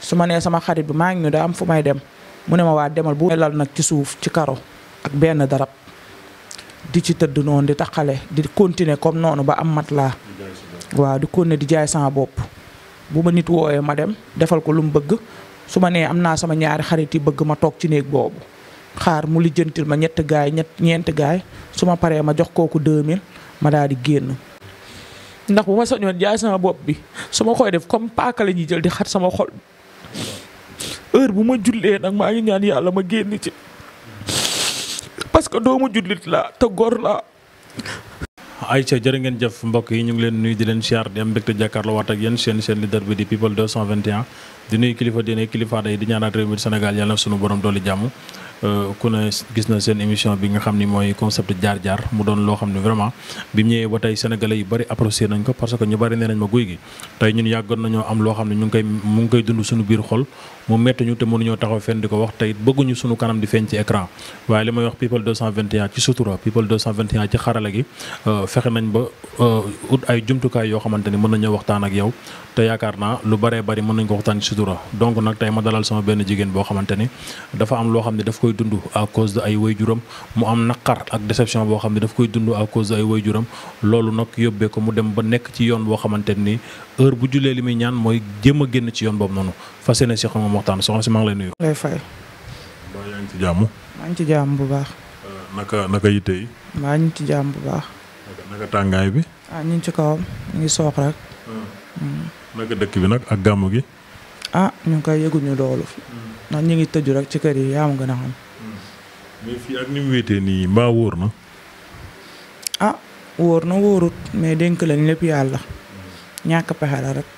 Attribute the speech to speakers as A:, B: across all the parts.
A: su ma nee sama xarit bi maa ngi ñu daa am fu may dem mu ne ma waa demal bu lal nag ci suuf ci karo ak benn darab di ci tëdd noonu di tax xale di continuer comme noonu ba am mat laa waaw di continuer di jaay sama bopp bu ma nit ma dem defal ko lu mu bëgg su ma nee am naa sama ñaari xarit yi bëgg ma toog ci néeg boobu xaar mu lijjantil ma ñett gaay ñett ñeent gaay su ma paree ma jox kooku 2000 ma daal di génn ndax bu ma sañoon jaay sama bopp bi su ma koy def comme paaka la ñuy jël di xat sama xol heure bu ma jullee nag maa ngi ñaan yàlla ma génn ci parce que doomu jullit la te góor la
B: Aïcha jërë ngeen jëf mbokk yi ñu ngi leen nuyu di leen siyaar dem am mbégte jàkkaarloo waat ak yéen seen seen leader bi di people 221 di nuyu kilifa diine kilifa day di ñaanaat réew mi Sénégal yàlla sunu borom dooli jàmm euh, ku ne gis na seen émission bi nga xam ni mooy concept jaar-jaar mu doon loo xam ne vraiment bi mu ñëwee ba tey sénégalais yu bari apprécié nañ ko parce que ñu bëri nee nañ ma guy gi tey ñun yàggoon nañoo am loo xam ne ñu ngi koy mu ngi koy dund suñu biir xol mu métti ñu te mënuñoo taxaw fenn di ko wax tey bëgguñu sunu kanam di feeñ ci écran waaye li may wax people ci sutura people ci xarala gi euh, fexe nañ ba euh, ut ay jumtukaay yoo xamante ni mën nañoo waxtaan ak yow te yaakaar naa lu baree bari mën nañ ko waxtaan ci sutura donc nag tey ma dalal sama benn jigéen boo xamante ni dafa am loo xam ne daf koy dund à cause de ay waajuram mu am naqar ak déception boo xam ne daf koy dund à cause de ay waajuram loolu nag yóbbee ko mu dem ba nekk ci yoon boo xamante ni heure bu jullee li muy ñaan mooy jéem a génn ci yoon boobu noonu waxtaan soxna si maa ngi lay nuyu.
A: lay fay. mbaa yaa ngi ci jàmm. maa ngi ci jàmm bu baax. Euh,
B: naka naka yitte
A: maa ngi ci jàmm bu baax.
B: naka naka tàngaay bi.
A: ah ñu ngi ci kawam ñu ngi soox rek. Euh.
B: Mm. naka dëkk bi nag ak gàmm gi.
A: ah ñu ngi koy yëguñu loolu. Mm. ndax ñu ngi tëju rek ci kër yi yaa ma gën a xam. Mm.
B: mais fii ak ni mu wéetee nii mbaa wóor na.
A: ah wóor na wóorut mais dénk lañ lépp yàlla. ñàkk pexe la rek.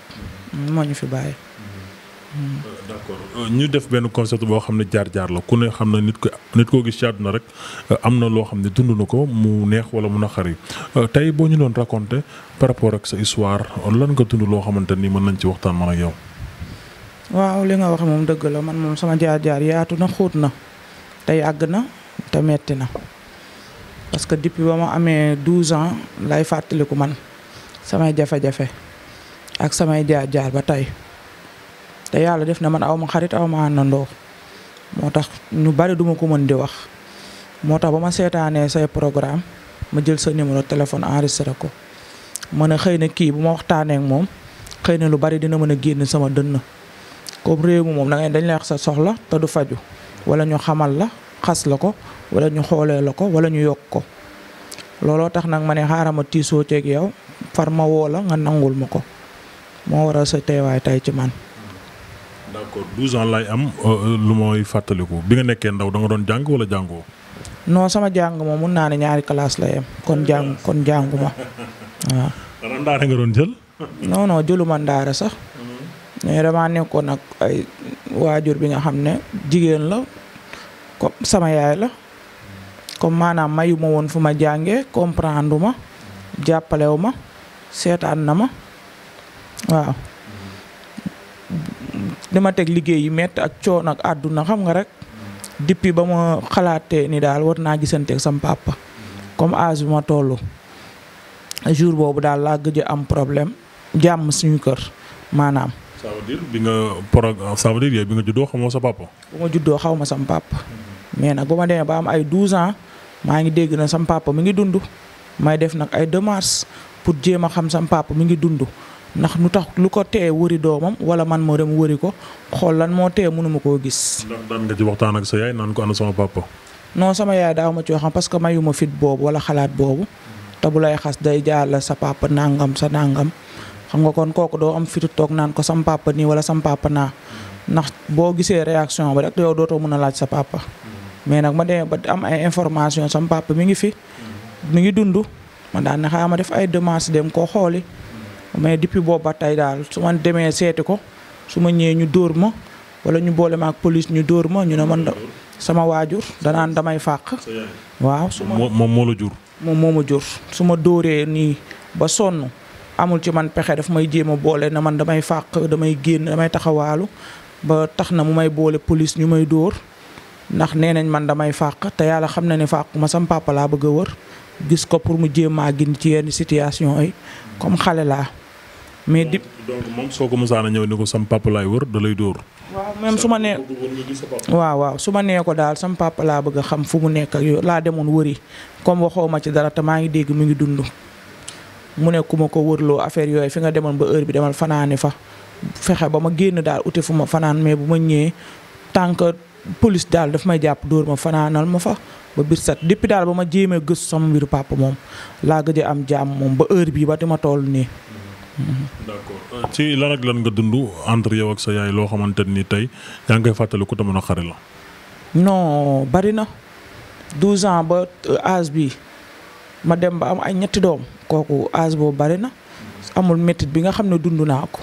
A: moo ñu fi bàyyi. Euh,
B: d' accord euh, ñu def benn concept boo xam ne jaar-jaar la ku ne xam na nit ko koo gis ci àdduna rek euh, am na loo xam ne dund na ko mu neex wala mu naqari tey boo ñu doon raconté par rapport ak sa histoire lan nga dund loo xamante ni mën nañ ci waxtaan man ak
A: waaw li nga wax moom dëgg la man moom sama jaar-jaar yaatu na xóot na te yàgg na te metti na parce que depuis ba ma amee 12 ans lay fàttaliku man samay jafe-jafe ak samay jaar-jaar ba tey. te yàlla def na man aw ma xarit aw ma àndandoo moo tax ñu bari duma ko mën di wax moo tax ba ma seetaanee say programme ma jël sa numéro téléphone enregistré ko ma a xëy na kii bu ma waxtaaneek moom xëy na lu bari dina mën a génn sama dënn comme réew mi moom da ngay dañ lay sa soxla te du faju wala ñu xamal la xas la ko wala ñu xoolee la ko wala ñu yokk ko looloo tax nag ma ne xaaral ma tiisoo ceeg yow far ma woo la nga nangul ma ko moo waral sa teewaay tey ci man.
B: d' accord 12 ans laay am euh, euh, lu mooy fàttaliku bi nga nekkee ndaw da doon jàng wala jàngoo.
A: non sama jàng moom mun naa ne ñaari classe la yem kon jàng kon jàngu ma waaw. ndaare nga doon jël. non non jëluma ndaare sax. mais damaa nekkoon ak waajur bi nga xam ne jigéen la comme sama yaay la comme maanaam mayuma woon fu ma jànge comprendre ma jàppalewu ma seetaan na ma waaw. di ma teg liggéey yu métti ak coon ak àdduna xam nga rek depuis ba ma xalaate ni daal war naa gisanteeg sam papa comme âge bi ma toll jour boobu daal laa gëj am problème jàmm suñu kër maanaam.
B: ça veut dire bi nga pro ça veut bi nga
A: juddoo sa papa. ma juddoo xaw ma sam papa. mais nag bu ma demee ba am ay 12 ans maa ngi dégg na sam papa mi ngi dund may def nag ay démarches pour jéem a xam sam papa mi ngi dund. ndax lu tax lu ko tee wëri doomam wala man moo dem wëri ko xool lan moo tee mënuma koo gis. ndax daan nga ci waxtaan ak sa yaay naan ko ana sama sama yaay daaw ma ci waxam parce que mayuma fit boobu wala xalaat boobu te bu xas day jaarale sa papa nangam sa nangam xam nga kon kooku doo am fitu toog naan ko sam papa nii wala sam papa naa ndax boo gisee réaction ba rek yow dootoo mën a laaj sa papa. mais nag ma de ba am ay information sam papa mi ngi fi. mu ngi dund ma daan na xaaral ma def ay démarches dem koo xooli. mais depuis boobu ba tey daal su ma demee seeti ko su ma ñëwee ñu dóor ma wala ñu boole ma police ñu dóor ma ñu ne man sama waajur danaan damay fàq.
B: waaw su ma moom moo jur.
A: moom moo ma jur su ma dóoree nii ba sonn amul ci man pexe daf may jéem a boole na man damay fàq damay génn damay taxawaalu ba tax na mu may boole police ñu may dóor ndax nee nañ man damay fàq te yàlla xam na ne fàq ma sam papa laa bëgg a wër gis ko pour mu jéem a gindi ci yenn situation yi comme xale laa. mais di donc moom soo ko mosaan ñëw ni ko sam papa laay wër da lay dóor. waaw même su ma nee waaw waaw su ma nee ko daal sam laa bëgg xam fu mu nekk laa demoon wëri comme waxoo ma ci dara te maa ngi dégg mu ngi dund. mu ne ma ko wërloo affaire yooyu fi nga demoon ba heure bi demal fanaane fa fexe ba ma génn daal uti fu ma fanaan mais bu ma ñëwee tant que police may jàpp dóor ma fanaanal ma fa. ba biir set daal ba ma jéemee gës sama mbiru papa moom laa gëj am jaam moom ba heure bii ba di ma toll nii. d'accord
B: euh, ci lan lan nga dund entre yow ak sa yaay loo xamante ni tey yaa ngay fàttaliku fàttali ku tamoon a xari la.
A: non bari na 12 ans ba euh, âge bi ma dem ba am ay ñetti doom kooku âge boobu bari na amul métit bi nga xam ne dund naa ko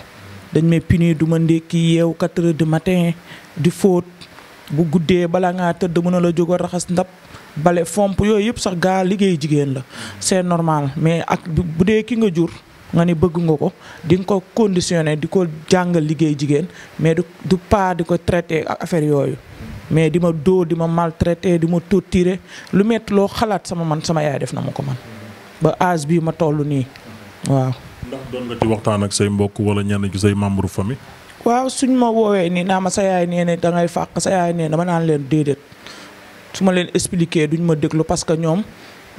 A: dañ may punir du ma ndékki yeewu 4 heures du matin di fóot bu guddee balaa ngaa tëdd mën a la jóg raxas ndab bale fomp yooyu yëpp sax gaa liggéey jigéen la c'est normal mais ak bu dee ki nga jur. nga ni bëgguma ko di nga ko conditionné di ko jàngal liggéey jigéen mais du du pas di ko traité ak affaire yooyu mais di ma dóor di ma maltraité di ma torturé lu metti loo xalaat sama man sama yaay def na ma ko man ba âge bii ma toll nii waaw. ndax doon
B: nga ci waxtaan mbokk wala ñenn ci say membre famille.
A: waaw suñ ma woowee nii naa ma sa yaay nee ne da ngay fàq yaay nee dama naan leen déedéet su ma leen expliqué duñ ma déglu parce que ñoom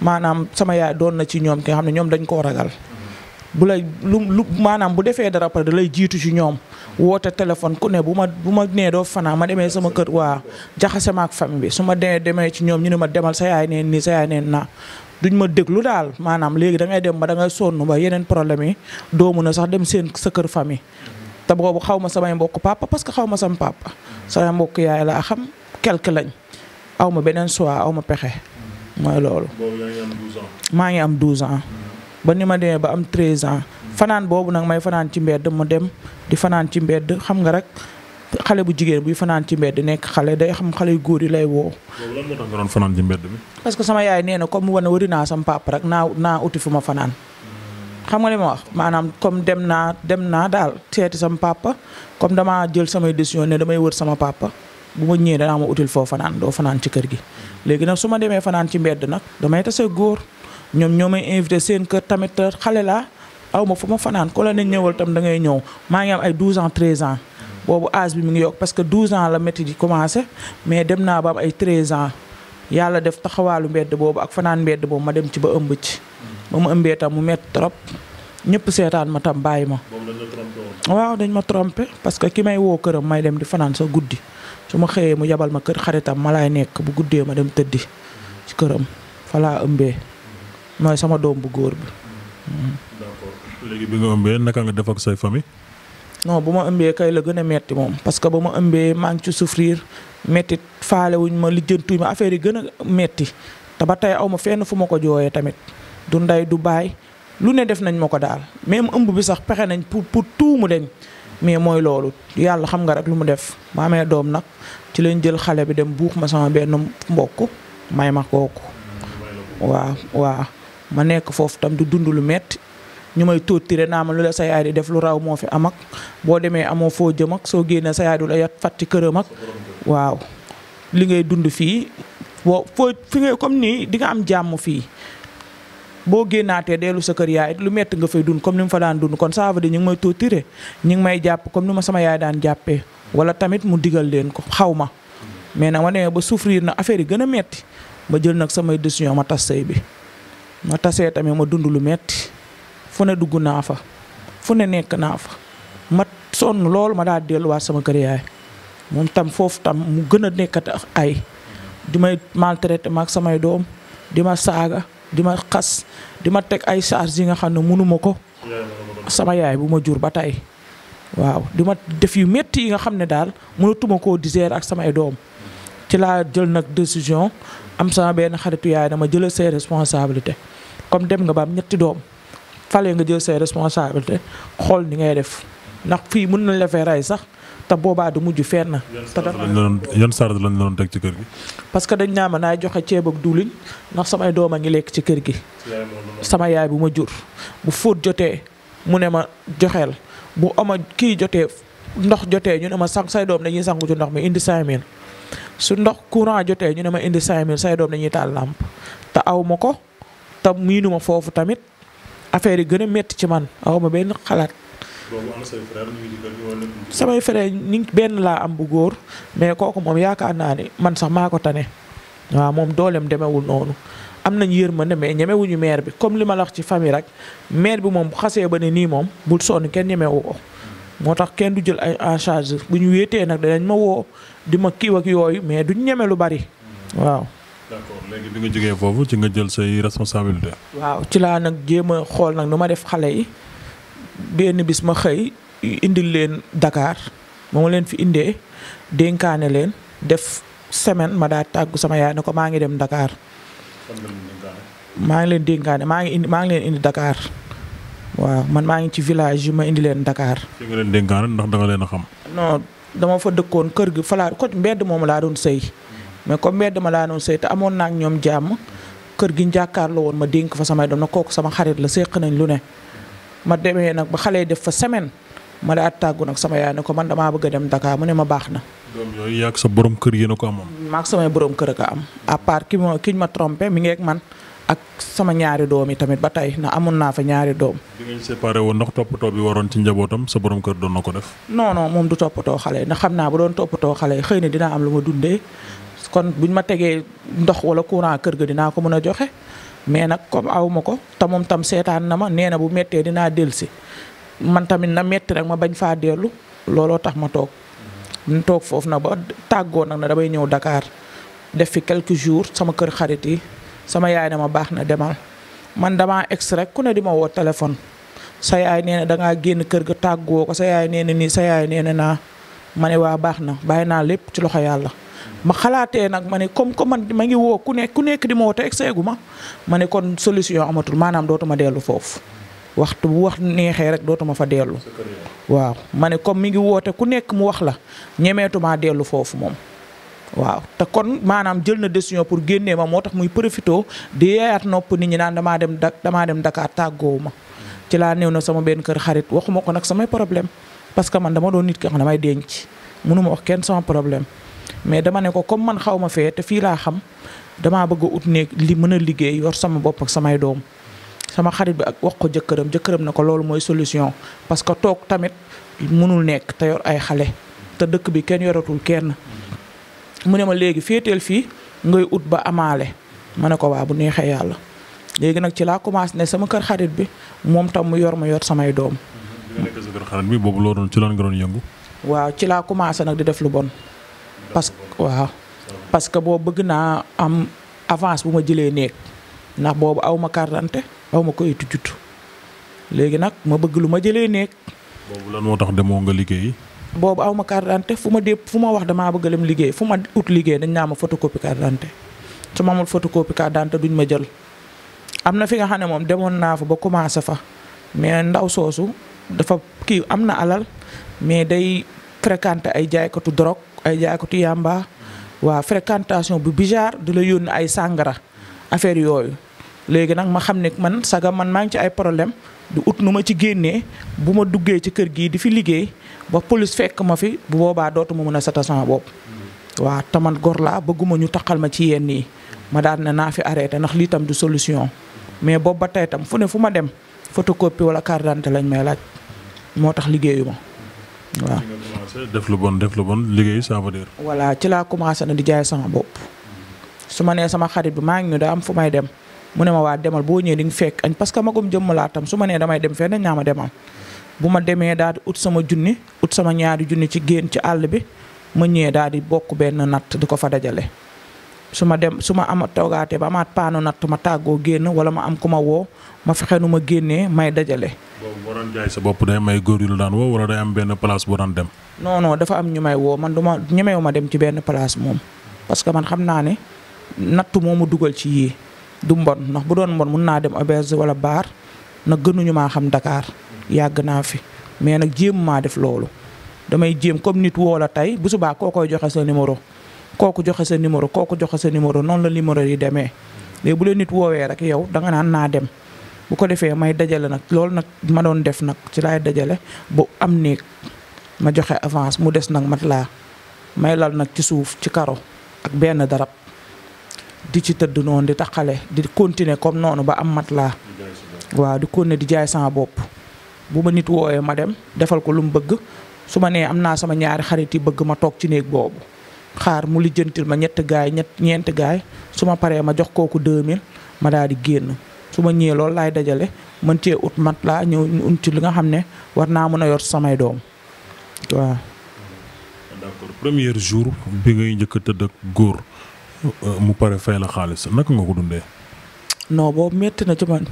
A: maanaam sama yaay doon na ci ñoom ki nga xam ne ñoom dañ koo ragal. bu lay lu lu maanaam bu defee dara pare da lay jiitu ci ñoom woote téléphone ku ne bu ma bu ma nee doo fanaan ma demee sama kër waa jaxase ma ak bi su ma dee demee ci ñoom ñu ne ma demal sa yaay neen nii sa yaay neen naa duñ ma déglu daal maanaam léegi da ngay dem ba da ngay sonn ba yeneen problème yi doo mun a sax dem seen sa kër famille. te boobu xaw ma samay mbokk papa parce que xaw ma sama papa samay mbokk yaay laa xam quelque lañ aw ma beneen choix aw ma pexe mooy loolu. ngi am 12 ans. ba ni ma demee ba am 13 ans fanaan boobu nag may fanaan ci mbedd mu dem di fanaan ci mbedd xam nga rek xale bu jigéen buy fanaan ci mbedd nekk xale day xam xale yu góor yi lay woo.
B: lan moo
A: parce que sama yaay nee na comme wane sam naa sama rek naa naa uti fu ma fanaan. xam nga li ma wax maanaam comme dem naa dem naa daal seeti sam papa comme dama jël samay décision ne damay wër sama papa bu ma ñëwee danaa ma util foo fanaan doo fanaan ci kër gi léegi nag su ma demee fanaan ci mbedd nag damay tase góor. ñoom ñoo may invité seen kër tamit xale la aw ma fu ma fanaan ku la ne ñëwal tam da ngay ñëw maa ngi am ay 12 ans 13 ans boobu âge bi mu ngi yokk parce que 12 ans la métti di commencé mais dem naa ba am ay 13 ans yàlla def taxawaalu mbedd boobu ak fanaan mbedd boobu ma dem ci ba ëmb ci. ba mu ëmbee tam mu métti trop ñëpp seetaan ma tam bàyyi ma. waaw dañ ma trompé parce que ki may woo këram may dem di fanaan sa guddi su ma xëyee mu yabal ma kër xaritam ma laay nekk bu guddee ma dem tëddi ci këram fa ëmbee. mooy sama doom bu góor bi.
B: d'accord léegi bi nga ëmbee naka nga def say famille.
A: non bu ma ëmbee kay la gën a metti moom parce que ba ma ëmbee maa ngi ci souffrir metti faale wuñ ma lijjantu ma affaire yi gën a metti te ba tey aw ma fenn fu ma ko jooyee tamit du ndey du baay lu ne def nañ ma ko daal même ëmb bi sax pexe nañ pour pour tout mu deñ mais mooy loolu yàlla xam nga rek lu mu def ma doom nag ci leen jël xale bi dem buux ma sama benn mbokk may ma kooku waaw waaw ma nekk foofu tam du dund lu metti ñu may tóotire naa ma lu la sa yaay di def lu raw moo fi am boo demee amoo foo jëm ak soo génnee sa yaay du la yat fat ci këram ak waaw li ngay dund fii boo foo fi ngay comme nii di nga am jàmm fii boo génnaatee dellu sa kër yaay lu metti nga fay dund comme ni mu fa daan dund kon ça veut dire ñu ngi may tóotire ñu ngi may jàpp comme ni ma sama yaay daan jàppe wala tamit mu digal leen ko xaw ma mais nag ma demee ba souffrir na affaire yi gën a metti ma jël nag samay décision ma tas sëy bi ma tasee tamit ma dund lu metti fu ne dugg naa fa fu ne nekk naa fa ma sonn loolu ma daa delluwaat sama kër yaay moom tam foofu tam mu gën a nekkat ay di may maltraité maag samay doom di ma saaga di ma xas di ma teg ay charge yi nga xam ne mënuma ko sama yaay bu ma jur ba tey waaw di ma def yu métti yi nga xam ne daal mënatuma koo diseer ak samay doom ci laa jël nag décision am sama benn xaritu yaay dama jëlal say responsabilité comme dem nga ba am ñetti doom fale nga jël say responsabilité xool ni ngay def ndax fii mën nañ la fee sax te boobaa du mujj fenn. te dafa
B: yan sart ci kër gi.
A: parce que dañ naa ma naay joxe ceeb ak diwlin ndax samay doom a ngi lekk ci kër gi. sama yaay bu ma jur bu fóot jotee mu ne ma joxeel bu ama kii jotee ndox jotee ñu ne ma sang say doom dañuy sangu ci ndox mi indi 5000. su ndox courant jotee ñu ne ma indi 5000 say doom dañuy taal làmp te aw ma ko te miinuma foofu tamit affaire yi gën a métti ci man aw ma benn xalaat.
B: samay frère
A: ñu benn laa am bu góor mais kooku moom yaakaar naa ne man sax maa ko tane waaw moom dooleem demewul noonu am nañ ma ne mais ñemewuñu maire bi comme li ma la wax ci famille rek maire bi moom bu xasee ba ne nii moom bul sonn kenn ñemewu moo tax kenn du jël ay en charge bu ñu wéetee nag danañ ma woo di ma kiiw ak yooyu mais duñ ñeme lu bari waaw.
B: d'accord léegi bi nga jógee foofu ci nga jël say responsabilité.
A: waaw ci laa nag jéem a xool nag nu ma def xale yi benn bis ma xëy indi leen dakaar ma leen fi indee dénkaane leen def semaine ma daa tàggu sama yaay ne ko maa ngi dem Dakar. maa ngi leen dénkaane maa ngi indi maa ngi leen indi dakaar waaw man maa ngi ci village yu ma indi leen Dakar. fi
B: nga leen dénkaane ndax danga leen a xam.
A: dama fa dëkkoon kër gi falaa ko mbedd moom laa doon sëy mais comme mbedd ma laa doon sëy te amoon naa ñoom jàmm kër gi njàkkaarloo woon ma dénk fa samay doom na kooku sama xarit la séq nañ lu ne ma demee nag ba xale def fa semaine ma la tàggu nag sama yaay ne ko man damaa bëgg a dem Dakar mu ne ma baax na.
B: doom yooyu yaa kër yéen ko amoon.
A: maa ak a ko am à part ki ma ki ma trompé mi ngi man. ak sama ñaari doom yi tamit ba tey na amoon naa fa ñaari doom.
B: bi ngeen toppatoo bi waroon ci njabootam sa borom kër doon na ko def.
A: non moom du toppatoo xale na xam naa bu doon toppatoo xale yi xëy na dinaa am lu ma dundee kon buñ ma tegee ndox wala courant kër ga dinaa ko mën a joxe mais nag comme aw ko te moom tam seetaan na ma nee na bu méttee dinaa dellusi man tamit na métti rek ma bañ faa dellu looloo tax ma toog. ñu toog foofu nag ba tàggoo nag na damay ñëw dakaar def fi quelque jours sama kër xarit yi. sama yaay ne ma baax na demal man damaa ex rek ku ne di ma woo téléphone sa yaay nee na dangaa génn kër ga tàggoo ko sa yaay nee na nii sa yaay nee na naa ma ne waa baax na bàyyi naa lépp ci loxo yàlla. ma xalaatee nag ma ne comme que man ma ngi woo ku ne ku nekk di ma woo te egseegu ma ma ne kon solution amatul maanaam dootuma dellu foofu waxtu bu wax neexee rek dootuma fa dellu. waaw ma ne comme mi ngi woote ku nekk mu wax la ñemeetumaa dellu foofu moom. waaw te kon maanaam jël na décision pour génnee ma moo tax muy profito di yeeyaat nopp nit ñi naan damaa dem da damaa dem Dakar tàggoowu ma ci laa new na sama benn kër xarit waxuma ko nag samay problème parce que man dama doon nit ki xam damay denc mënuma wax kenn sama problème mais dama ne ko comme man xaw ma fee te fii laa xam damaa bëgg ut néeg li mën a liggéey yor sama bopp ak samay doom sama xarit bi ak wax ko jëkkëram jëkkëram na ko loolu mooy solution parce que toog tamit mënul nekk te ay xale te dëkk bi kenn yoratul kenn mu ne ma léegi féeteel fii ngay ut ba amaale ma ne ko waa bu neexee yàlla léegi nag ci laa commencé ne sama kër xarit bi moom tam mu yor ma yor samay doom.
B: xarit boobu loo doon ci lan nga doon yëngu.
A: waaw ci laa commencé nag di def lu bon. parce que waaw parce que boobu bëgg naa am avance bu ma jëlee néeg ndax boobu aw ma carte aw ma kayitu juddu léegi nag ma bëgg lu ma jëlee néeg.
B: boobu lan moo tax moo nga liggéey.
A: boobu aw ma carte fu ma dé fu ma wax damaa bëgg dem liggéey fu ma ut liggéey dañ naa ma photocopie carte d'identité su ma amul photocopie carte d'identité duñ ma jël am na fi nga xam ne moom demoon naa fa ba commencé fa mais ndaw soosu dafa kii am na alal mais day fréquenter ay jaaykatu drogue ay jaaykatu yamba waa fréquentation bu bizarre di la yónni ay sàngara affaire yooyu léegi nag ma xam ne man saga man maa ngi ci ay problème di ut nu ma ci génnee bu ma duggee ci kër gii di fi liggéey ba police fekk ma fi bu boobaa dootuma mën a sata sama bopp. waa taman gor laa bëgguma ñu taqal ma ci yenn yi ma daal na naa fi arrêté ndax lii tam du solution mais boob ba tey tam fu ne fu ma dem photocopie wala carte d'identité lañ may laaj moo tax liggéeyu ma
B: waaw. def lu bon def lu bon liggéey ça veut
A: ci laa commencé na di jaay sama bopp su ma nee sama xarit bi maa ngi ñu daa am fu may dem mu ne ma waa demal boo ñëwee fekk añ parce que magum jëmm laa tam su ma nee damay dem fenn ñaama demal. bu ma demee daal di ut sama junni ut sama ñaari junni ci génn ci àll bi ma ñëwee daal di bokk benn natt di ko fa dajale su ma dem su ma am toogaatee ba amaat paanu natt ma tàggoo génn wala ma am ku ma woo ma fexe nu ma génnee may dajale.
B: boobu boo doon sa bopp day may góor yu la daan woo wala day am benn place boo daan dem.
A: non dafa am ñu may woo man du ma ñemewu dem ci benn place moom parce que man xam naa ne nattu moo ma dugal ci yii du mbon ndax bu doon mbon mun naa dem auberge wala baar na gënuñu maa xam Dakar. yàgg naa fi mais nag jéem maa def loolu damay jéem comme nit woo la tey bu subaa koo koy joxe sa numéro kooku joxe sa numéro kooku joxe sa numéro noonu la numéro yi demee léegi bu leen nit woowee rek yow danga nga naan naa dem bu ko defee may dajale nag loolu nag ma doon def nag ci laay dajale bu am néeg ma joxe avance mu des nag mat laa may lal nag ci suuf ci karo ak benn darab di ci tëdd noonu di xale di continuer comme noonu ba am mat laa waaw di continuer di jaay sama bopp bu ma nit woowee ma dem defal ko lu mu bëgg su ma nee am naa sama ñaari xarit yi bëgg ma toog ci néeg boobu xaar mu lijjantil ma ñett gaay ñett ñeenti gaay su ma paree ma jox kooku 2000 ma daal di génn su ma ñëwee loolu laay dajale mën cee ut mat laa ñëw ñu ci li nga xam ne war naa mën a yor samay doom waaw.
B: d'accord premier jour bi njëkk a tëdd góor mu pare fay la xaalis naka nga ko dundee.
A: na ci man.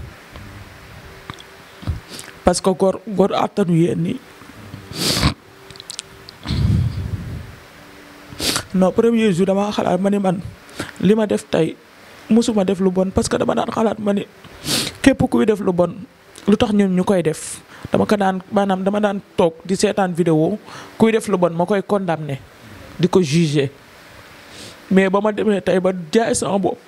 A: parce que góor góor attanu yéen ni no premier jour dama xalaat ma man li ma def tey musuma def lu bon parce que dama daan xalaat ma ni képp kuy def lu bon lu tax ñun ñu koy def dama ko daan maanaam dama daan toog di seetaan vidéo kuy def lu bon ma koy condamné di ko jugé mais ba ma demee tey ba jaay sama bopp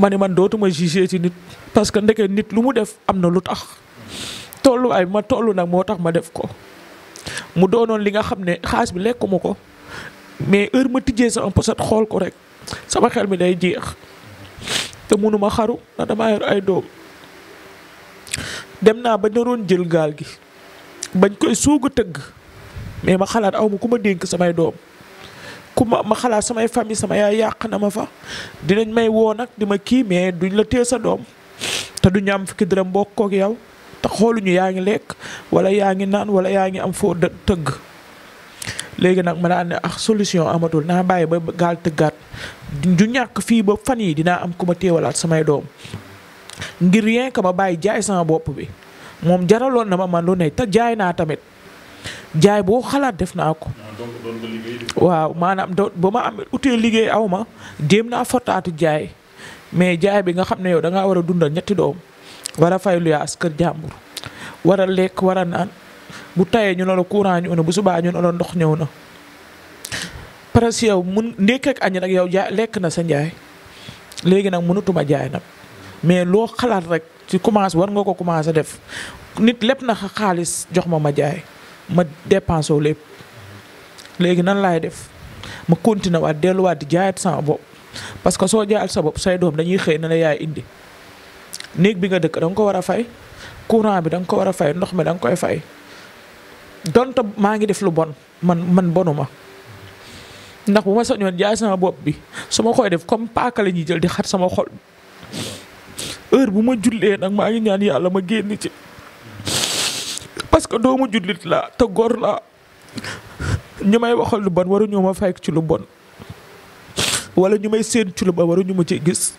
A: ma ni man dootuma jugé ci nit parce que ndeke nit lu mu def am na lu tax tollu ay ma tollu nag moo tax ma def ko mu doonoon li nga xam ne xaalis bi lekkuma ko mais heure ma tijjee sama poset xool ko rek sama xel mi day jeex te mënuma xaru ndax damaa ay doom dem naa ba naroon jël gaal gi bañ koy suuga tëgg mais ma xalaat aw ma ku ma dénk samay doom ku ma ma xalaat samay famille sama yaay yàq na ma fa dinañ may woo nag di ma kii mais duñ la téye sa doom te du ñaam fukki dërëm bokk kook yow te xooluñu yaa ngi lekk wala yaa ngi naan wala yaa ngi am foo tëgg léegi nag ma daan ne ah solution amatul naa bàyyi ba gaal tëggaat du ñàkk fii ba fan yi dinaa am ku ma téewalaat samay doom ngir rien que ma bàyyi jaay sama bopp bi moom jaraloon na ma man ne te jaay naa tamit jaay boo xalaat def naa ko. Ah, waaw maanaam do ba ma am utee liggéey aw ma jéem naa fortaatu jaay mais jaay bi nga xam ne yow da ngaa war a dundal ñetti doom war a fay luyaas kër jàmbur. waral lekk waral a naan bu tayee ñu ne la courant ñëw na bu subaa ñu ne la ndox ñëw na. parce que yow mun ndékk añ nag yow jaay lekk na sa njaay léegi nag mënutuma jaay nag mais loo xalaat rek ci commencé war nga ko commencé def nit lépp na xaalis jox ma ma jaay ma dépensé wu lépp léegi nan laay def ma continué waat delluwaat di jaayaat sama bopp parce que soo jaayal sa bopp say doom dañuy xëy na la yaay indi néeg bi nga dëkk danga ko war a fay. courant bi da nga ko war a fay ndox mi danga koy fay donte maa ngi def lu bon man man bonuma ndax bu ma sañoon jaay sama bopp bi su ma koy def comme paaka la ñuy jël di xat sama xol heure bu ma jullee nag maa ngi ñaan yàlla ma génn ci parce que doomu jullit la te góor la ñu may waxal lu bon waruñu ma fekk ci lu bon wala ñu may seen ci lu bon waruñu ma ci gis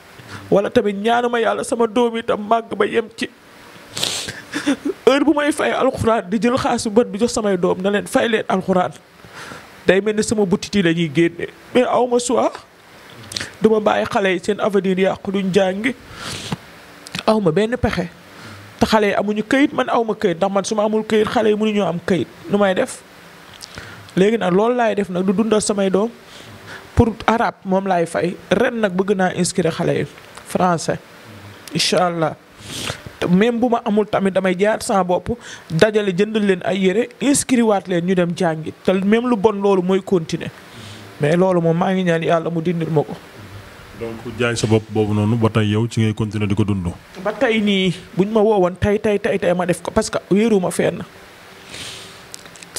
A: wala tamit ñaanuma yàlla sama doom itam màgg ba yem ci heure bu may fay alxuraan di jël xaasu bët bi jox samay doom na leen fay leen alxuraan day mel ni sama butit yi la ñuy génne mais aw ma choix du ma bàyyi xale yi seen avenir yàqu duñ jàngi aw ma benn pexe te xale yi amuñu këyit man aw ma këyit ndax man su ma amul kayit xale yi mënuñoo am kayit nu may def. léegi nag loolu laay def nag du dundal samay doom pour arab moom laay fay ren nag bëgg naa inscrire xale yi français incha allah. même bu ma amul tamit damay jaar sama bopp dajale jënd leen ay yére inscrit leen ñu dem jàngi te même lu bon loolu mooy continuer mais loolu moom maa ngi ñaan yàlla mu dindil ma ko.
B: donc jaay sa bopp boobu noonu ba tey yow ci ngay continuer di ko dund.
A: ba tey nii bu buñ ma woowoon tey tey tey tey ma def ko parce que wéeru ma na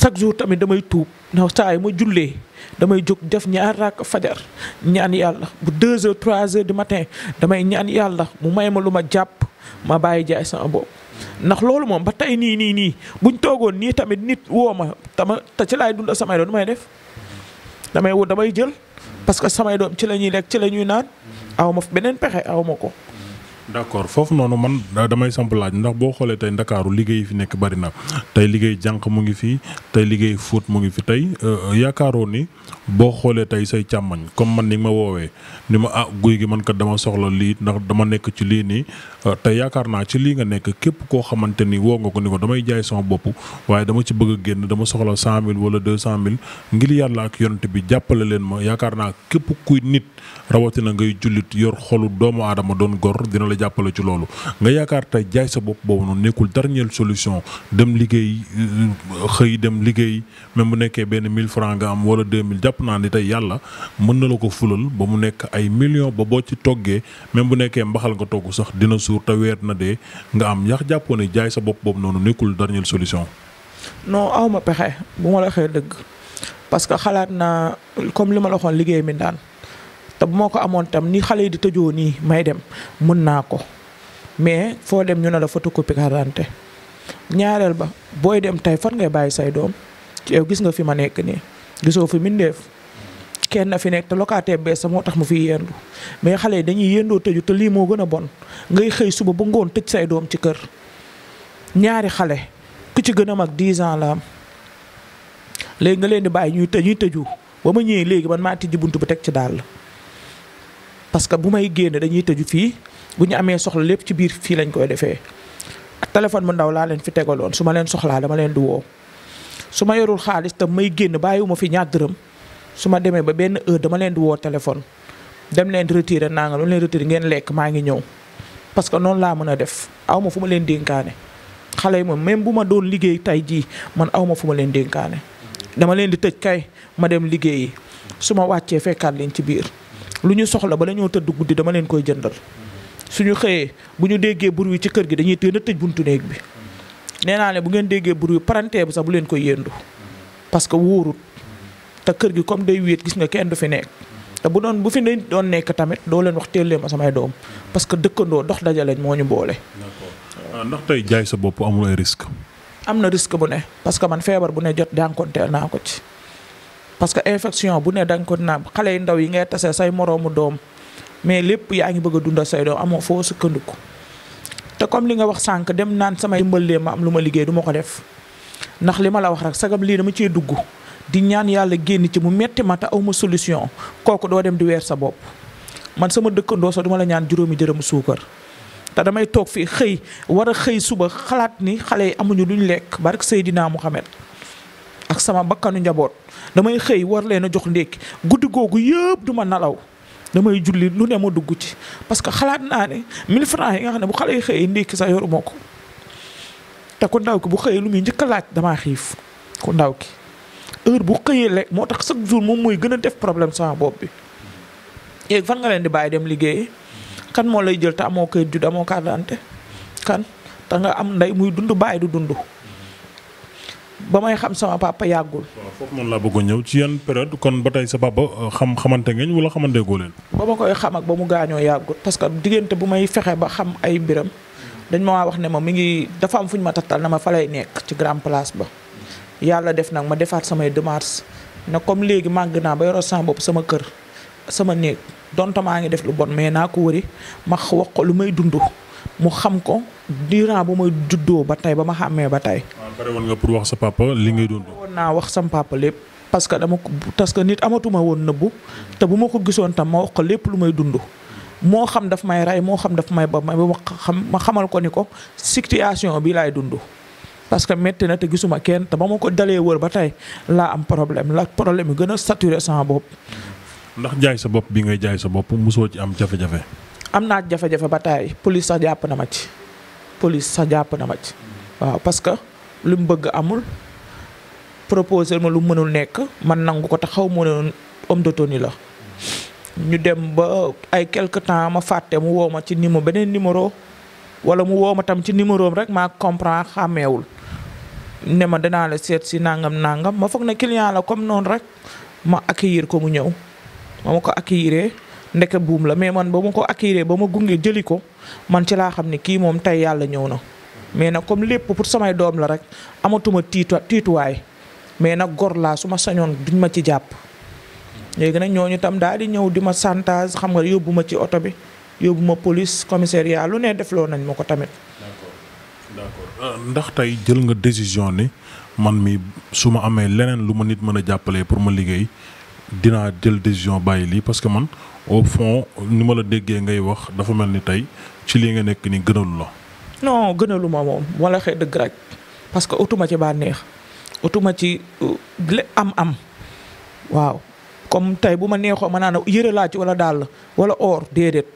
A: chaque jour tamit damay tuub ndax saa yi ma jullee. damay jóg def ñaar raak fajar ñaan yàlla bu deux heures trois heures du matin damay ñaan yàlla mu may ma lu ma jàpp ma bàyyi jaay sama bopp. ndax loolu moom ba tey nii nii nii buñ toogoon nii tamit nit woo ma tama te ci laay dund samay doon may def damay wut damay jël parce que samay doom ci la ñuy lekk ci la ñuy naan aw beneen pexe aw ko.
B: d'accord foofu noonu man damay samp laaj ndax boo xoolee tey ndakaaru liggéey fi nekk bari na tey liggéey jànq mu ngi fi tey liggéey fóot mu ngi fi tey euh, yaakaaroo ni boo xoolee tey say càmmañ comme man ni ma woowee ni ma ah guy gi man kat dama soxla lii ndax dama nekk ci lii nii euh, tey yaakaar naa ci lii nga nekk képp koo xamante ni woo nga ko ni ko damay jaay sama bopp waaye dama ci bëgg génn dama soxla cent mille wala deux cent mille ngir yàlla ak yonent bi jàppale leen ma yaakaar naa képp kuy nit rawatina ngay jullit yor xolu doomu aadama doon gor jàppale ci loolu nga yaakaar tey jaay sa bopp boobu noonu nekkul dernière solution dem liggéey euh, xëy dem liggéey même bu nekkee benn mille francs nga am wala 2000 jàpp naa ni tey yàlla mën na la ko fulal ba mu nekk ay million ba boo ci toggee même bu nekkee mbaxal nga togg sax dina suur te weer na dee nga am yax jàppoo ne jaay sa bopp boobu noonu nekkul dernière solution.
A: non aw pexe bu ma la xëy dëgg parce que xalaat naa comme li ma la waxoon liggéey mi te bu moo ko amoon tam ni xale yi di tëjoo nii may dem mën naa ko mais foo dem ñu ne la photocopie carte d'identité ñaareel ba booy dem tey fan ngay bàyyi say doom yow gis nga fi ma nekk nii gisoo fi mindeef kenn na fi nekk te locataire bees moo tax mu fi yendu mais xale yi dañuy yendoo tëju te lii moo gën a bon ngay xëy suba ba ngoon tëj say doom ci kër ñaari xale ku ci gën a mag 10 ans la am léegi nga leen di bàyyi ñuy tëj ñuy tëju ba ma ñëwee léegi man maa tijji bunt bi teg ci daal parce que bu may génn dañuy tëju fii bu ñu amee soxla lépp ci biir fii lañ koy defee ak mu ndaw laa leen fi tegaloon su ma leen soxlaa dama leen di woo su ma yorul xaalis te may génn bàyyiwuma fi ñaar dërëm su ma demee ba benn dama leen di woo téléphone dem leen retiré naa nga lu leen retiré ngeen lekk maa ngi ñëw parce que noonu laa mën a def awma fu ma leen dénkaane xale yi moom même bu ma doon liggéey tey jii man awma fu ma leen dénkaane dama leen di tëj kay ma dem liggéeyi su ma wàccee fekkaat leen ci biir. lu ñu soxla bala ñoo tëdd guddi dama leen koy jëndal su ñu xëyee bu ñu déggee bur wi ci kër gi dañuy teel a tëj buntu néeg bi nee naa ne bu ngeen déggee bur wi parantee bi sax bu leen koy yëndu parce que wóorut te kër gi comme day wéet gis nga kenn du fi nekk te bu doon bu fi ne doon nekk tamit doo leen wax teel leen ma samay doom parce que dëkkandoo dox dajaleñ moo ñu boole.
B: d'accord ndax sa bopp amul risque.
A: am na risque bu ne parce que man feebar bu ne jot jànkonteel naa ko ci. parce que infection bu ne da nga ko naan xale yu ndaw yi ngay tase say moroomu doom mais lépp yaa ngi bëgg a dundal say doom amoo foo sukkandiku te comme li nga wax sànq dem naan samay dimbalee ma am lu ma liggéey du ko def ndax li ma la wax rek sagam lii dama cee dugg di ñaan yàlla génn ci mu metti ma te aw ma solution kooku doo dem di weer sa bopp man sama dëkkandoo sax du la ñaan juróomi dërëmu suukar te damay toog fii xëy war a xëy suba xalaat ni xale yi amuñu luñ lekk barke Seydina Muhammad ak sama bakkanu njaboot. damay xëy war leen a jox ndékki guddi googu yëpp du ma nalaw damay julli lu ne ma dugg ci parce que xalaat naa ne 1000 francs yi nga xam ne bu xale yi xëyee ndékki sax yoru ko te ku ndaw ki bu xëyee lu muy njëkk a laaj damaa xiif ku ndaw ki heure bu xëyee lekk moo tax chaque jour moom mooy gën a def problème sama bopp bi léegi fan nga leen di bàyyi dem liggéeyi kan moo lay jël te amoo kayit judd moo carte d'identité kan te nga am ndey muy dund bàyyi du dund ba may xam sama papa yàggul. waaw foofu
B: noonu laa bëgg ñëw ci yan période kon ba tey sa papa euh, xam xamante ngeen wala xamante goo leen.
A: ba ma koy xam ak ba mu gaañoo yàggul parce que diggante bu may fexe ba xam ay biram dañ ma wax ne ma mi ngi dafa am fu ñu ma tatal na ma fa nekk ci grand place ba. yàlla def nag ma defaat samay démarches na comme léegi màgg naa ba yoroo sama bopp sama kër sama néeg donte maa ngi def lu bon mais naa ko wari ma wax lu may dund. mu xam ko durant bu may juddoo ba tey ba ma xàmmee ba tey.
B: waaw ah, pare woon nga pour wax sa papa li ngay doon.
A: woon naa wax sam lépp parce que dama parce que nit amatuma woon nëbbu. te bu ma ko gisoon tam ma lépp lu may dund. moo xam daf may rey moo xam daf may ba ma xam ma xamal ko ni ko situation bi laay dund. parce que métti na te gisuma kenn te ba ma ko dalee wër ba tey laa am problème la problème yi gën a saturé sama bopp.
B: ndax jaay sa bopp bi ngay jaay sa bopp mosoo ci am jafe-jafe.
A: am naa jafe-jafe ba taay police sax jàpp na ma ci police sax jàpp na ma ci waaw parce que lu mu bëgg amul proposé ma lu mënul nekk man nangu ko te xaw ma ne homme de la ñu dem ba ay quelque temps ma fàtte mu woo ma ci numéro beneen numéro wala mu woo ma tam ci numéro rek maa comprendre xàmmeewul ne ma danaa la seet si nangam nangam ma foog na client la comme noonu rek ma accueillir ko mu ñëw ma ma ko accueillir ndeke buum la mais man ba ma ko acquérir ba ma gungee jëli ko man ci laa xam ne kii moom tey yàlla ñëw na. mais nag comme lépp pour samay doom la rek amatuma tiitu tiituwaay mais nag gor laa su ma sañoon duñ ma ci jàpp. léegi nag ñooñu tam daal di ñëw di ma chantage xam nga yóbbu ma ci oto bi yóbbu ma police commissariat lu ne defloo nañ ma ko tamit.
B: d'accord euh, ndax tey jël nga décision ni man mii su ma amee leneen lu ma nit mën a jàppalee pour ma liggéey dinaa jël décision bàyyi lii parce que man. au fond ni ma la déggee ngay wax dafa mel ni tey ci lii nga nekk ni gënalu la.
A: non gënalu ma moom wala xëy dëgg rek parce que utuma ci bànneex utuma ci euh, am-am waaw comme tey bu ma neexoo ma naan yëre laa ci wala dàll wala or déedéet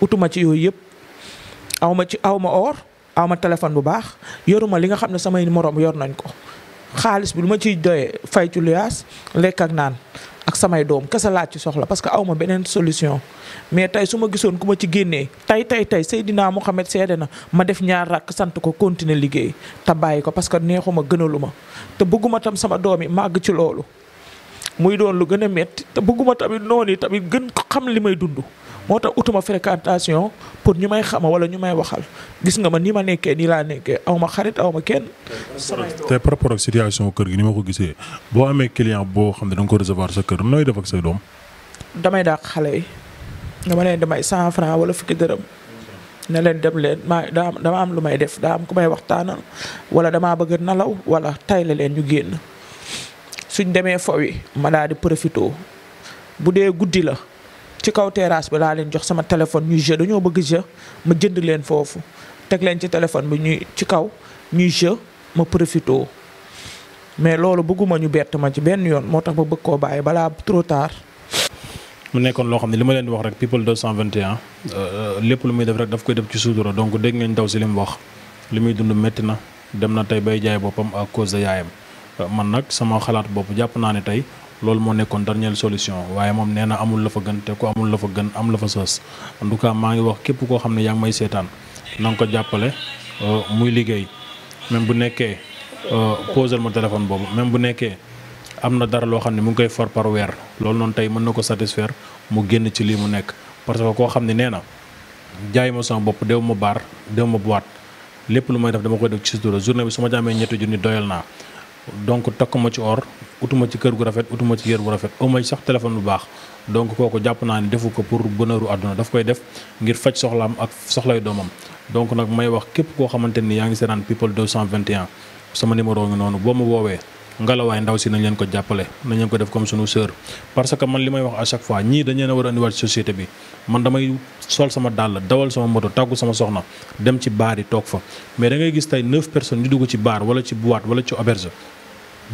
A: utuma ci yooyu yëpp awma ci awma oor awma téléphone bu baax yoruma li nga xam ne samay morom yor nañ ko xaalis bi lu ma ciy doyee fay ci lekk ak naan ak samay doom kese laa ci soxla parce que aw ma beneen solution mais tey su ma gisoon ku ma ci génnee tey tey dinaa Seydina Mohamed seede na ma def ñaar rakk sant ko continuer liggéey te bàyyi ko parce que neexuma gënaluma te bëgguma tam sama doom yi màgg ci loolu muy doon lu gën a metti te bëgguma tamit noonu yi tamit gën xam li may dund moo tax utuma fréquentation pour ñu may xama wala ñu may waxal gis nga ma ni ma nekkee nii laa nekkee aw ma xarit aw ma kenn.
B: te par rapport ak situation kër gi ni ma ko gisee boo amee client boo xam ne da nga ko recevoir sa kër nooy def ak say doom.
A: damay dàq xale yi dama leen damay cent franc wala fukki dërëm. na leen dem leen maa dama am lu may def daa am ku may waxtaanal wala damaa bëgg nalaw wala tay la leen ñu génn suñ demee fo wi ma daal bu dee guddi la. ci kaw terrasse bi laa leen jox sama téléphone ñuy jeu dañoo bëgg jeu ma jënd leen foofu teg leen ci téléphone bi ñuy ci kaw ñuy jeu ma profito mais loolu bëgguma ñu bett ma ci benn yoon moo tax ba bëgg koo bàyyi balaa trop tard.
B: mu nekkoon loo xam ne li ma leen di wax rek people 221 euh, lépp lu muy def rek daf koy def ci suudura donc dégg ngeen ndaw si li mu wax li muy dund métti na dem na tey bay jaay boppam à cause de yaayam euh, man nag sama xalaat bopp jàpp naa ne tey. loolu moo nekkoon dernière solution waaye moom nee na amul la fa gën te ku amul la fa gën am la fa sës en tout cas maa ngi wax képp koo xam ne yaa ngi may seetaan na nga ko jàppale euh, muy liggéey même bu nekkee euh, posel ma téléphone boobu même bu nekkee am na dara loo xam ne mu ngi koy far par weer loolu noonu tey mën na ko satisfaire mu génn ci lii mu nekk parce que koo xam ne nee na jaay ma sama bopp dew ma baar dew ma boîte lépp lu may def dama koy def ci sutura journée bi su ma jaamee ñetti junni doyal naa donc takk ma ci or utuma ci kër gu rafet utuma ci yër gu rafet au moins sax téléphone bu baax donc kooku jàpp naa ne defu ko pour bonheuru àdduna daf koy def ngir faj soxlaam ak soxlay doomam donc nag may wax képp koo xamante ni yaa ngi seetaan people 221 sama numéro ngi noonu boo ma woowee ngalawaay ndaw si nañ leen ko jàppale nañ leen ko def comme sunu sœur parce que man li may wax à chaque fois ñii dañ leen a war a andiwaat société bi man damay sol sama dàll dawal sama moto tàggu sama soxna dem ci baar yi toog fa mais dangay gis tey neuf personnes di dugg ci baar wala ci boîte wala ci auberge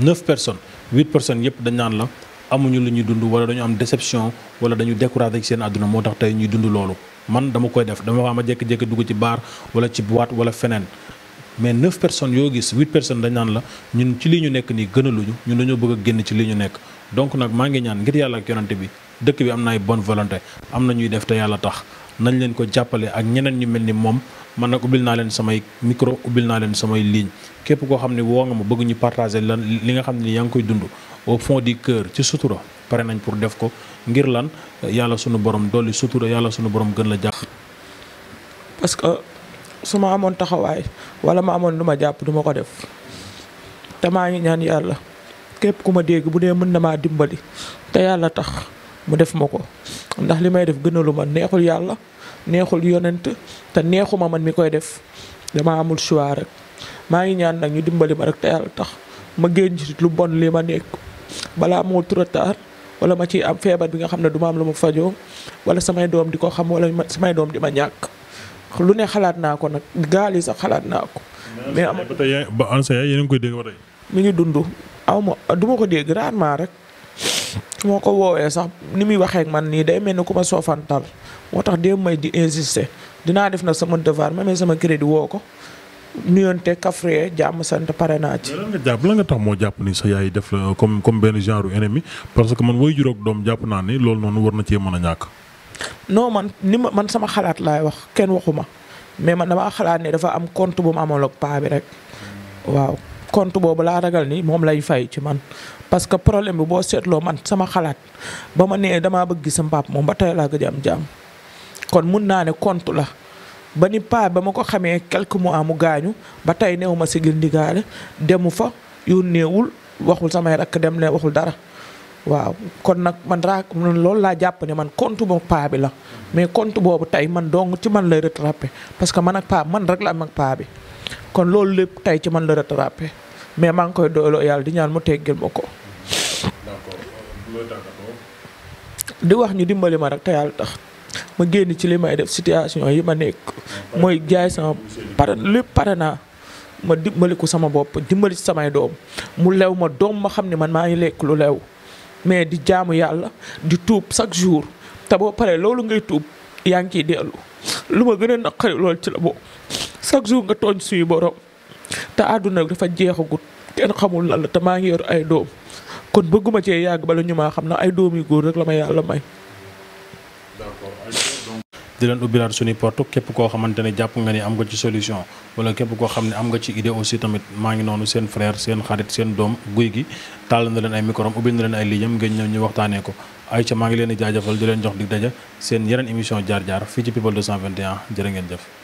B: neuf personnes huit personnes yëpp dañ naan la amuñu lu ñuy dund wala dañu am déception wala dañu découragé seen àdduna moo tax tey ñuy dund loolu man dama koy def dama wax ma jékki dugg ci baar wala ci boîte wala feneen mais neuf personnes yoo gis huit personnes dañ naan la ñun ci lii ñu nekk nii gënaluñu ñun dañoo bëgg a génn ci lii ñu nekk donc nag maa ngi ñaan ngir yàlla ak yonante bi dëkk bi am na ay bonne volonté am na ñuy def te yàlla tax nañ leen ko jàppale ak ñeneen ñu mel ni moom man nag ubbil naa leen samay micro ubbil naa leen samay ligne képp koo xam ne woo nga ma bëgg ñu partager lan li nga xam ne yaa ngi koy dund au fond di cœur ci sutura pare nañ pour def ko ngir lan yàlla sunu borom dolli sutura yàlla sunu borom gën la jàpp
A: su ma amoon taxawaay wala ma amoon lu ma jàpp du ma ko def te maa ngi ñaan yàlla képp ku ma dégg bu dee mën na maa dimbali te yàlla tax mu def ma ko ndax li may def gënalu ma neexul yàlla neexul yonent te neexuma man mi koy def dama amul choix rek maa ngi ñaan nag ñu dimbali ma rek te yàlla tax ma génn ci lu bon li ma nekk balaa moo trop tard wala ma ciy am feebar bi nga xam ne du ma am lu ma fajoo wala samay doom di ko xam wala samay doom di ma ñàkk lu ne xalaat naa ko nag gaal yi sax xalaat naa ko.
B: mais am ba tey ba ansa yaay yéen a ngi koy dégg ba tey.
A: mi ngi dund aw ma du ko dégg rarement rek moo ko woowee sax ni muy waxee ak man nii day mel ni ku ma soofantal moo tax dee may di insister dinaa def na sama devoir ma sama crédit woo ko nuyonte kafre jàmm sant pare naa ci. lan nga
B: jàpp lan nga tax moo jàpp ni sa yaay def la comme benn genre ennemi parce que man woy juróog doom jàpp naa ni loolu noonu war na cee mën a ñàkk.
A: non man ni ma man sama xalaat laay wax kenn waxu ma mais man damaa xalaat ne dafa am compte bu ma amoon ak paa bi rek waaw compte boobu laa ragal nii moom lay fay ci man parce que problème bi boo seetloo man sama xalaat ba ma nee damaa bëgg gis sama papa moom ba tey laa gëj am jaam kon mun naa ne compte la ba ni paa ba ma ko xamee quelques mois mu gaañu ba tey neew ma si gir demu fa yónneewul waxul samay rekk dem ne waxul dara waaw kon nag man raak loolu laa jàpp ne man compte boobu paa bi la mais compte boobu tey man dong ci man lay rattrapé parce que man ak paa man rek laa am ak paa bi kon loolu lépp tey ci man la rattrapé mais maa ngi koy dooloo yàlla di ñaan mu teggil ma ko. wax ñu dimbali ma rek tax ma génn ci li may def situation yi ma nekk mooy jaay sama pare lépp pare naa ma dimbali ko sama bopp dimbali ci samay doom mu lew ma doom ma xam ne man maa ngi lekk lu lew. mais di jaamu yàlla di tuub chaque jour te boo paree loolu ngay tuub yaa ngi ciy dellu lu ma gën a naqari loolu ci la boobu chaque jour nga tooñ suñu borom te àdduna dafa jeexagut kenn xamul lan la te maa ngi yor ay doom kon bëgguma cee yàgg bala ñu maa xam na ay doom yu góor rek la ma yàlla may. di leen ubbilaat suñuy porte képp koo xamante
B: ne jàpp nga ni am nga ci solution wala képp koo xam ne am nga ci idée aussi tamit maa ngi noonu seen frère seen xarit seen doom guy gi tàll na leen ay micro am ubbil na leen ay liggéeyam ngeen ñëw ñu waxtaanee ko Aïcha maa ngi leen di jaajëfal di leen jox dig daja seen yeneen émission jaar jaar fii ci People 221 jërë ngeen jëf